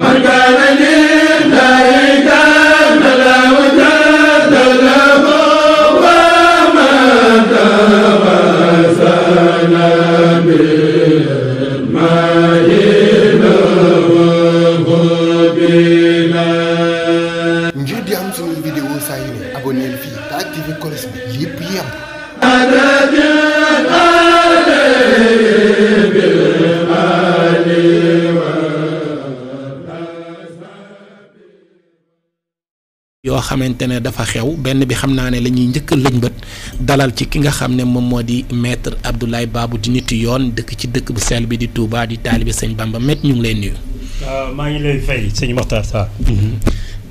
Amen. xamante ne dafa xew benn bi xam naa ne la ñuy njëkk a lëñbët dalal ci ki nga xam ne moom moo di maître Abdoulaye baabu di nitu yoon dëkk ci dëkk bu sell bi di Touba di taalibe sëñ Bamba maître ñu ngi lay nuyu. waaw euh, maa ngi lay fay sëñ Mokhtar Sarr. Mm-hmm.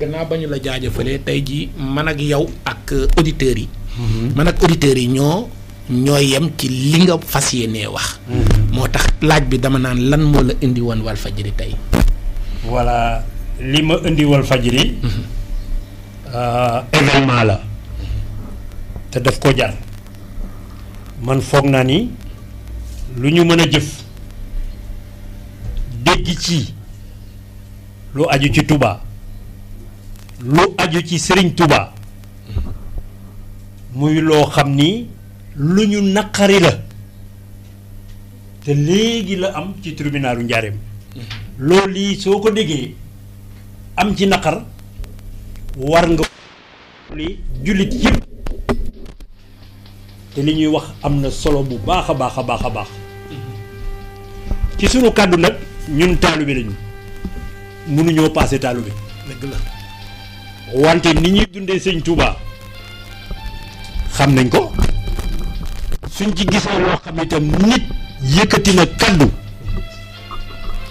gannaaw ba ñu la jaajëfalee tey jii man ak yow ak euh, auditeurs yi. Mm-hmm. man ak auditeurs yi ñoo ñoo yem ci li nga fas yéenee wax. Mm-hmm. moo tax laaj bi dama naan lan moo la indi woon Walfadjri tey. voilà li ma indi Walfadjri. Eh, événement la té daf ko jaar man foog na ni lu ñu mën jëf dégg ci lu aju ci Touba lu aju ci Serigne Touba muy lo xamni lu ñu la té légui la am ci tribunalu ndiarém lo li soo am ci nakar war nga li julit yépp te li ñuy wax amna solo bu baaxa baaxa baaxa baax ci suñu kaddu nak ñun lañu ñoo passé deug la wante ni ñi dundé sëñ Touba xam nañ ko suñ ci gisé lo xam nit yëkëti na kaddu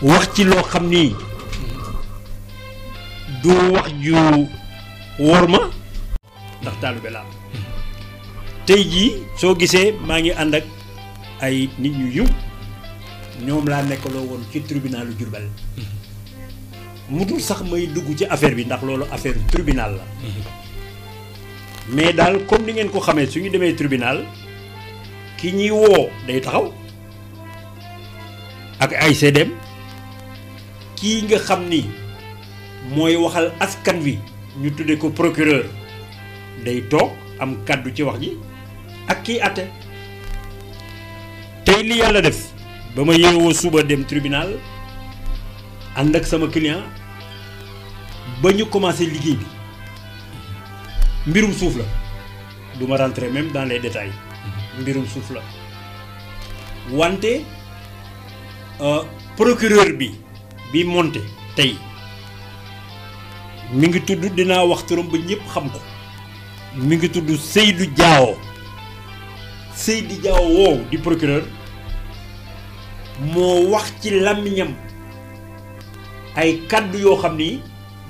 wax ci lo xam du wax ju wóor ma ndax taalibe laa tey jii soo gisee maa ngi ànd ak ay nit ñu yiw ñoom laa nekkaloo woon ci tribunalu Diourbel mhm. mu sax may dugg ci affaire bi ndax loolu affaire tribunal la mhm. mais daal comme ni ngeen ko xamee su ñu demee tribunal ki ñuy woo day taxaw ak ay seedeem kii nga xam ni mooy waxal askan wi ñu tuddee ko procureur day toog am kàddu ci wax ji ak kii àtte tey li yàlla def ba ma yeewoo suba dem tribunal ànd ak sama client ba ñu commencé liggéey bi mbirum suuf la du ma rentrer même dans les détails mbirum suuf la wante euh, procureur bi bi monté tey mi ngi tudd dinaa wax turam ba ñëpp xam ko mi ngi tudd Seydou Diao Seydou Diao woowu di procureur moo wax ci làmmiñam ay kàddu yoo xam ni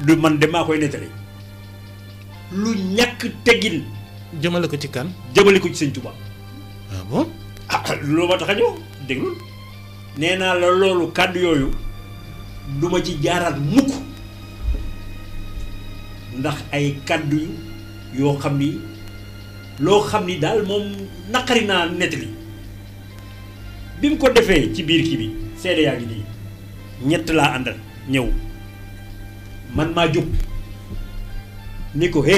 du man de maa koy nettali lu ñàkk teggin. jëmale ko ci kan. jëmale ko ci sëñ Touba. Ah ah, loolu ma tax a ñëw déglul nee naa la loolu kàddu yooyu duma ci jaaral mukk ndax ay kaddu yoo xam ni loo xam ni daal moom naqari naa nettali bi mu ko defee ci biir kii bi seede yaa ngi nii ñett laa àndal ñëw man maa jub ni ko hé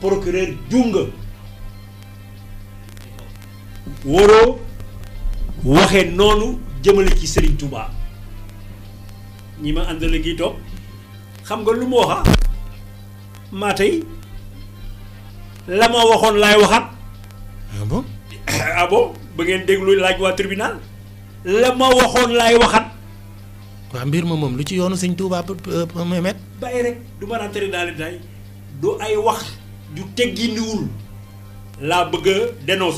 procureur junga waroo waxee noonu jëmale ci Serigne Touba ñi ma àndal gi toog xam nga lu mu waxa ah? maa tey la ma waxoon lay waxaat. Ah, ah bon ba ngeen déglu laaj waa tribunal la ma waxoon laay waxaat. waaw mbir ma moom lu ci yoonu sëñ Touba euh, Mehmet bàyyi rek du ma rentrer dans les détails du ay wax ju teggindiwul laa bëgg a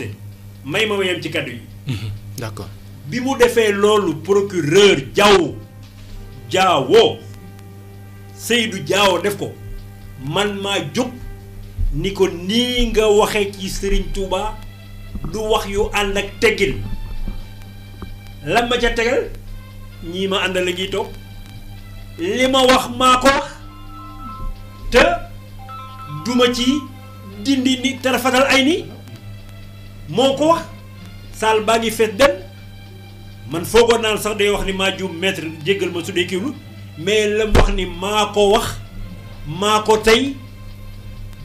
may ma yem ci kaddu yi. Mhm, d'accord bi mu defee loolu procureur Diaw Diawo Seydou Diawo def ko. man ma jóg ni ko ni nga waxe ci serigne touba du wax yu and ak teggin lam ma ca tegal ñi ma andal la ñuy toog li ma wax mako wax te duma ci dindi ni tarafatal ay ni moko wax sal baa ngi dem man fogo nal sax day wax ni ma ju maître jéggal ma su kiwlu mais lam wax ni mako wax mako tay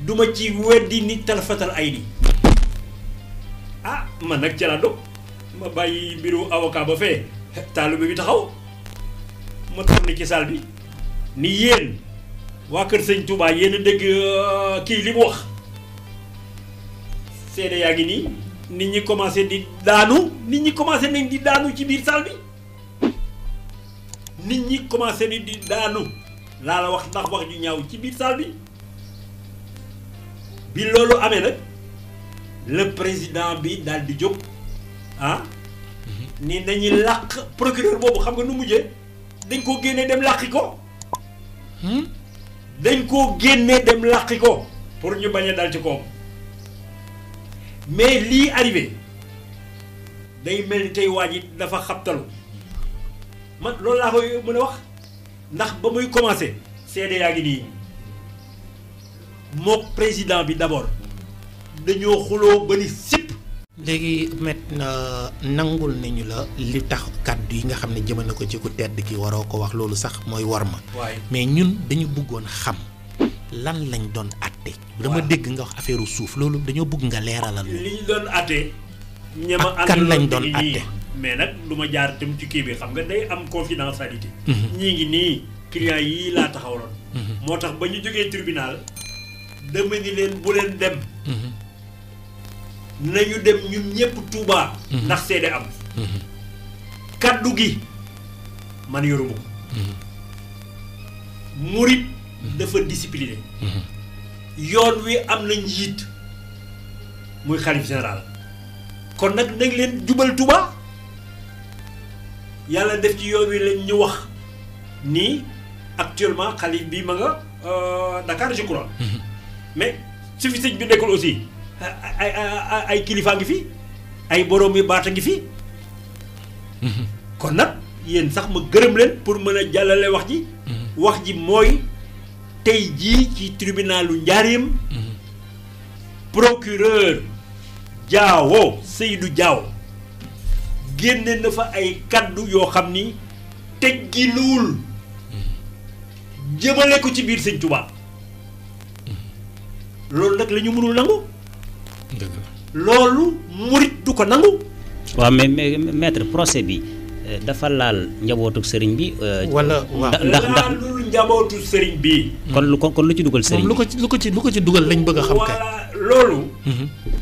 duma ci weddi ni tal ay ni ah man nak ci la do ma bayyi biru avocat ba fe talu bi taxaw ma ni ci sal bi ni yeen wa keur seigne Touba yeen deug ki limu wax cede yaagi ni nit ñi commencé di daanu nit ñi commencé nañ di daanu ci biir salle bi nit ñi commencé ni di daanu laa la wax ndax wax ju ñaaw ci biir salle bi bi loolu amee nag le président bi daal di jóg ah mhm. ni dañuy làq procureur boobu xam nga nu mujjee dañ koo génnee dem làqi ko hmm? dañ koo génnee dem làqi ko pour ñu bañ a dal ci koom mais lii arrivé day mel ni tey waa yi dafa xabtalu man loolu laa koy mën a wax ndax ba muy commencé président bi d'abord dañoo euh, nangul la li nga ne pas ko ci ku tedd ki mais nous dañu xam lan lañ doon àtte dama dégg nga wax affaire suuf loolu dañoo bëgg nga leeralal li doon mais nag lu ma jaar tam ci kii bi xam nga day am confidentialité. Mhm. ñii ngi nii client yi laa taxawaloon. Mhm. moo tax ba ñu jógee tribunal dama ni leen bu leen dem. Mhm. nañu dem ñun ñëpp Touba. ndax seede am. kaddu gi man yoruma ko. murit dafa discipliné. yoon wi am na njiit muy xalif général kon nag nañ leen jubal Touba. yàlla def ci yoon wi lañ ñu wax ni actuellement xalif bi ma nga euh, Dakar je crois. Mhm. mais ci fi sëñ bi nekkul aussi ay ay ay kilifa ngi fi ay borom yu baata ngi fi. Mhm. kon nag yéen sax ma gërëm leen pour mën a jàllale wax ji. Mhm. wax ji mooy tey jii ci tribunalu Njaareem. procureur Diawo Seydou Diawo. génne na fa ay kaddu yoo xam ni tegginuwul jëmale ko ci biir sëñ tubaab loolu nag la ñu mënul nangu loolu murit du ko nangu waaw mais mais maître procès bi euh, dafa laal njabootu sëriñ bi euh, wala ndax ndax lu njabootu sëriñ bi kon lu kon lu ci duggal sëriñ lu ko ci lu ko ci duggal lañ bëgg xam kay loolu mhm.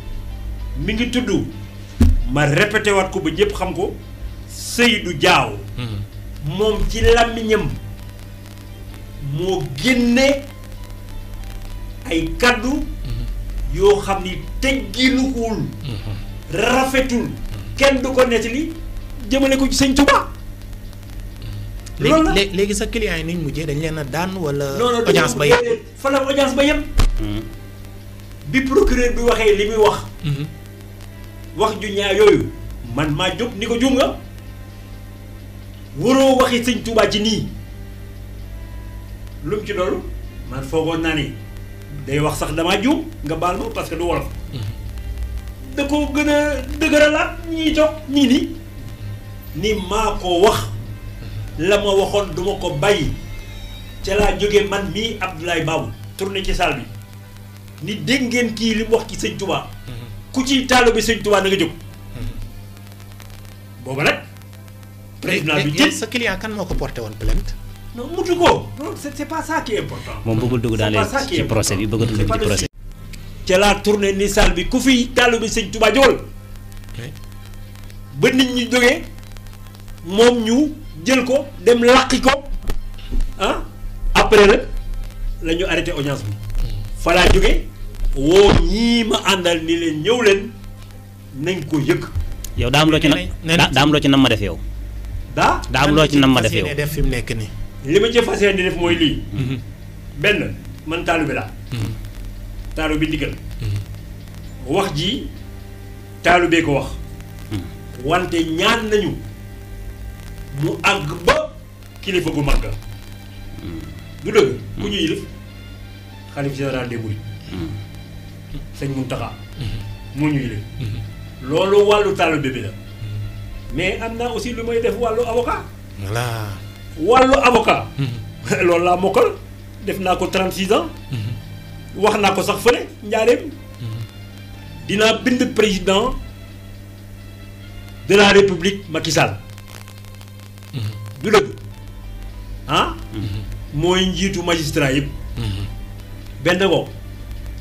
mi ngi tudd ma répété waat ko ba ñëpp xam ko Seydou Diaw. Mhm. moom ci làmmiñam moo génne ay kàddu mhm. yoo xam ni tegginuwul mhm. rafetul kenn du ko nettali jëmale ko ci sëñ Tuba loolu la léegi sa client yi niñ mujjee dañ leen a wala audience ba yem fa ba yem bi procureur bi waxee li muy wax wax ju yo, yooyu man maa jóg ni ko juum nga waroo waxi sëñ tuubaa ci nii lum ci loolu man foogoon naa ni day wax sax dama juum nga baal ma parce que du wolof da ko gën a dëgëralaat ñii ni maa ko wax la ma waxoon duma ko bàyyi ca laa jóge man mi Abdoulaye babu tourné ci salle bi ni dégg ngeen kii li wax ki sëñ Touba ku ciy taalibe sëñ Tuubaa na nga jóg hmm. booba nag. président bi jël sa client kan moo ko porté woon plainte. non mutu ko non c' est pas ça qui est important. moom bëggul dugg dans les ci procès bi bëggatul dugg ci procès. ca la tournée ni salle bi ku fi taalibe sëñ Tuubaa jógal. ba nit ñi jógee moom ñu jël ko dem làqi ko ah après nag la ñu arrêté audience bi. Hmm. fa jógee. wo ñi ma andal ni leen ñew leen nañ ko yëk yow daam lo ci nak daam lo ci nam ma def yow da daam lo ci nam ma def yow def fim nek ni lima ci fasee di def moy li ben man taalu bi laa taalu bi wax ji taalu ko wax wante ñaan nañu mu ag ba kilifa gu magga du deug ku ñuy yëf khalif général des mouride sëñ Mountakha. Mhm. moo ñu yële. Mhm. lolo walu taalibe bébé la. mais amna aussi aussi lu may def walu avocat. voilà walu avocat. lolo la mokol, def na ko 36 ans. Mhm. wax na ko sax fële njaareem. dina bind président de la république Macky Sall. du dëgg ah. moy njitu magistrat yëpp. ben bopp.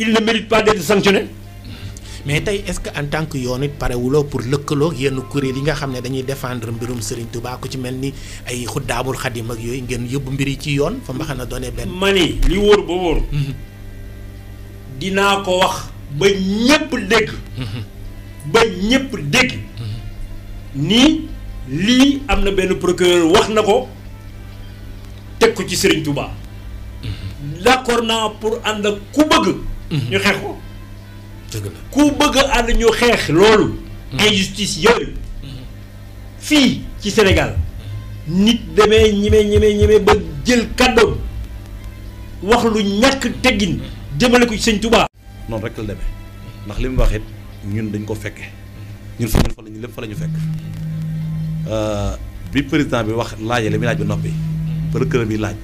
il ne mérite pas d'être sanctionné. mais tey est-ce que en tant que yoon it parewuloo pour lëkkaloo yenn kuréel yi nga xam ne dañuy défendre mbirum Serigne Touba ku ci mel ni ay xuddaamul xadim ak yooyu ngeen yóbbu mbir yi ci yoon fa ma xam a doone benn. ma ni li wóor ba wóor. Mhm. dinaa ko wax ba ñépp dégg. Mhm. ba ñépp dégg. Mhm. nii lii am na benn procureur wax na ko teg ko ci Serigne Touba. d'accord naa pour ànd ak ku bëgg. ñu xeex ko. dëgg la ku bëgg a ànd ñu xeex loolu. injustice yooyu. fii ci Sénégal. nit demee ñime ñime ñime ba jël kàddoom wax lu ñàkk teggin jëmale ko ci sëñ Touba. noonu rek la demee ndax li mu wax ñun dañ ko fekke ñun fa la ñu lépp fa la ñu fekk euh, bi président bi wax laajee li muy laaj ba noppi procureur bi laaj.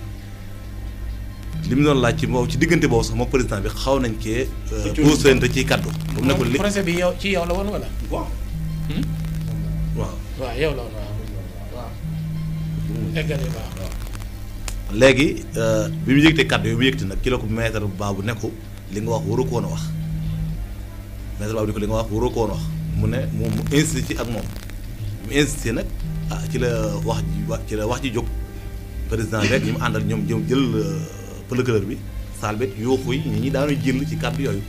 li mu doon laaj ci boobu ci diggante boobu sax moom président bi xaw nañ cee. Euh, sent ci kaddu. ba mu nekkul li projet bi yow ci yow la woon wala. waaw. Hmm? waaw waaw euh, mu yëgte kaddu yi mu yëgte nag ki la ko maître Babou ne ko li nga wax waru ko woon wax maître Babou ne ko li nga wax waru ko woon wax mu ne moom mu insisté ci ak moom mu insisté nag ah ci la wax ci la wax ji jóg président rek ñu mu àndal ñoom jëm jël. procureur bi saal bet yooxu yi nit ñi daanu jël ci kàddu yooyu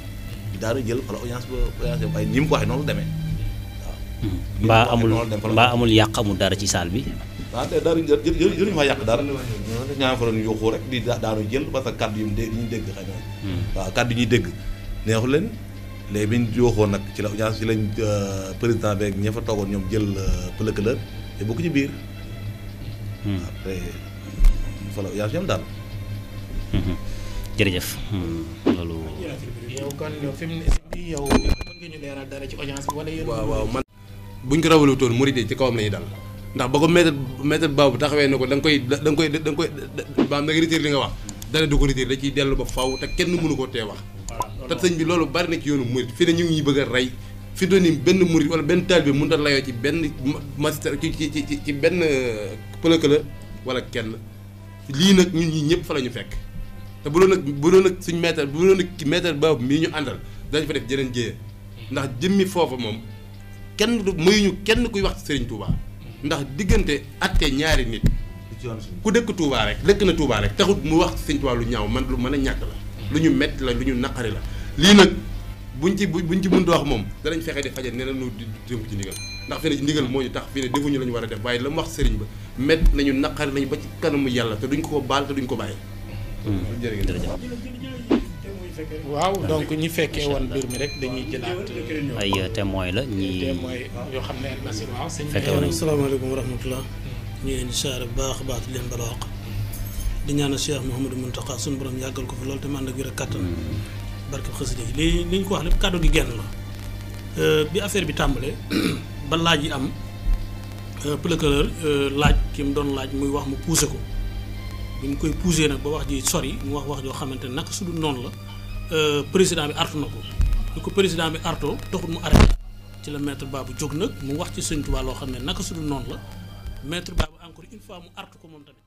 daanu jël fala audience ba audience ba ay ni mu ko waxee noonu la demee hmm. waaw mbaa amul mbaa amul yàq amul dara ci saal bi ah daal di jëriñu fa yàq dara ñaar fa doon yuuxu rek di daanu jël parce que kàddu yu mu dégg ñuy dégg xëy na. Hmm. waaw kàddu yi ñuy dégg neexu leen léegi bi ñu yuuxoo nag ci la audience ci lañ euh, président beeg ña fa toogoon ñoom jël euh, pëlëkëlër te bokk ci biir. waaw hmm. te fa la audience ñoom daal. Mhm. jërëjëf hmm, loolu yow kon fi mu ne yow mën nga ñu leeral dara ci audience bi wala yéen waaw waaw man buñ ko rawalu toon murid ci kawam lañuy dal ndax ba ko maître maître Babou taxawee na ko da nga koy da nga koy da nga koy baam da nga li nga wax du ko da ciy dellu ba faw te kenn mënu tee wax te sëñ bi loolu bari na ci yoonu murid fi ne ñu ngi bëgg a rey fi ni benn murid wala benn taalibe mënut a layoo ci benn magistrat ci ci ci benn euh, pëlëkëla wala kenn lii nag ñun ñi ñëpp fa la ñu fekk te bu doon nag bu doon suñ maître bu doon nag maître boobu mii ñu àndal dañ fa def jëneen jëye ndax jëmmi foofa moom kenn du mayuñu kenn kuy wax ci Serigne Touba ndax diggante atte ñaari nit ku dëkk tuubaa rek dëkk na tuubaa rek taxut mu wax ci Serigne Touba lu ñaaw man lu mën a ñàkk la lu ñu metti la lu ñu naqari la lii nag bu buñ ci buñ ci mënut a wax moom danañ fexe di xajal neneen lu dénku ci ndigal ndax fi ne ndigal moo ñu tax fi ne defuñu la ñu war a def waaye la mu wax sëriñ ba mett nañu naqari nañu ba ci kanamu yàlla duñ ko baal te ko bàyyi waaw donc ñi fekkee woon mbir mi rek dañuy jëlaat. Euh, ay euh, témoins la ñii yoo xam ne waaw sëñ bi asalaamaaleykum wa rahmatulah. ñu ngi leen di siyaare bu baax a baax di leen balaax di ñaanal Cheikh Mouhamadou Mountakha suñu borom yàggal ko fi loolu tamit ànd ak wér ak kattan. Mm. barke xasida li li ñu ko wax lépp kàddu gi genn la. Euh, bi affaire bi tàmbalee ba laaj yi am procureur laaj ki mu doon laaj muy wax mu poussé ko. bi ñu koy poussé nag ba wax ji sori mu wax wax joo xamante ne naka su dul la euh, président bi artu na ko lu ko président bi artoo taxul mu arrêté ci la maître Babou jóg nag mu wax ci Sëñ Tuubaa loo xam ne naka su noon la la maître Babou encore une fois mu artu ko moom tamit.